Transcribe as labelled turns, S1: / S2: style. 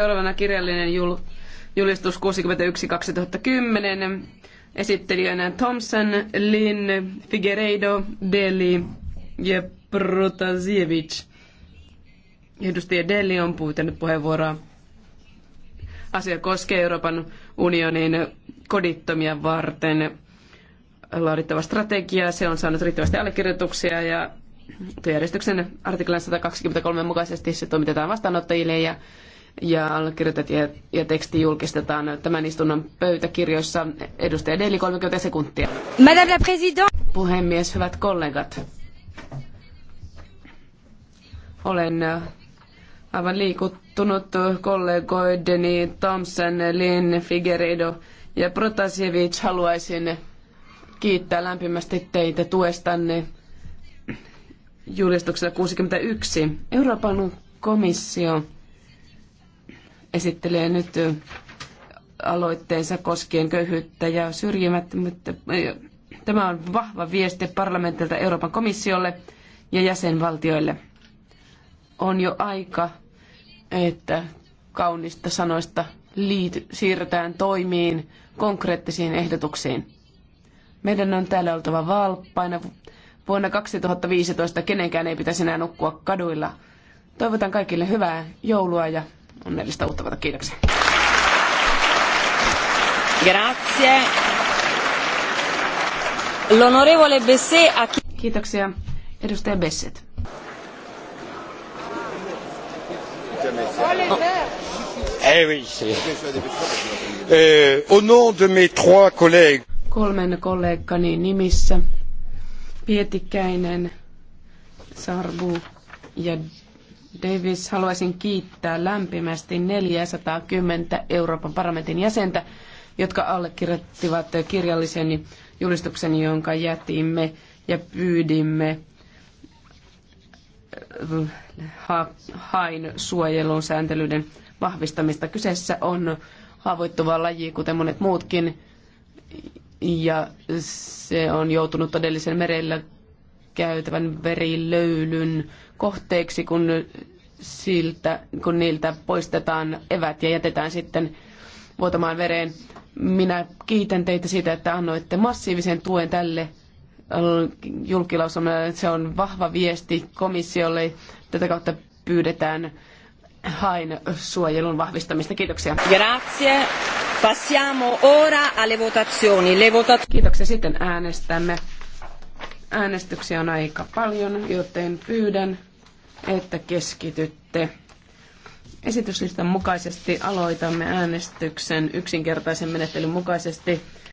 S1: Seuraavana kirjallinen jul, julistus 61-2010. Esittelijänä Thompson, Lin, Figueiredo, Deli ja Protasiewicz. Edustaja Deli on pyytänyt puheenvuoroa. Asia koskee Euroopan unionin kodittomia varten laadittava strategia. Se on saanut riittävästi allekirjoituksia ja järjestyksen artiklan 123 mukaisesti se toimitetaan vastaanottajille ja ja allekirjoitet ja, ja teksti julkistetaan tämän istunnon pöytäkirjoissa. Edustaja Deli, 30 sekuntia. Madame la Présidente. Puhemies, hyvät kollegat. Olen äh, aivan liikuttunut kollegoideni Thompson, Lin, Figueredo ja Protasevich. Haluaisin kiittää lämpimästi teitä tuestanne julistuksella 61. Euroopan komissio esittelee nyt aloitteensa koskien köyhyyttä ja syrjimättömyyttä. Tämä on vahva viesti parlamentilta Euroopan komissiolle ja jäsenvaltioille. On jo aika, että kaunista sanoista liity, siirrytään toimiin, konkreettisiin ehdotuksiin. Meidän on täällä oltava valppaina. Vuonna 2015 kenenkään ei pitäisi enää nukkua kaduilla. Toivotan kaikille hyvää joulua ja onnellista uutta vuotta. Kiitoksia. Grazie. L'onorevole Besset a... Kiitoksia. Edustaja Besset. Eh euh, au nom de mes trois collègues. Kolmen kollegani nimissä. Pietikäinen, Sarbu ja Davis, haluaisin kiittää lämpimästi 410 Euroopan parlamentin jäsentä, jotka allekirjoittivat kirjallisen julistuksen, jonka jätimme ja pyydimme äh, hain suojelun sääntelyiden vahvistamista. Kyseessä on haavoittuva laji, kuten monet muutkin, ja se on joutunut todellisen merellä käytävän verilöylyn kohteeksi, kun, siltä, kun niiltä poistetaan evät ja jätetään sitten vuotamaan vereen. Minä kiitän teitä siitä, että annoitte massiivisen tuen tälle julkilausumalle. Se on vahva viesti komissiolle. Tätä kautta pyydetään hain suojelun vahvistamista. Kiitoksia. Grazie. Passiamo ora alle votazioni. Le vota- Kiitoksia. Sitten äänestämme. Äänestyksiä on aika paljon, joten pyydän, että keskitytte. Esityslistan mukaisesti aloitamme äänestyksen yksinkertaisen menettelyn mukaisesti.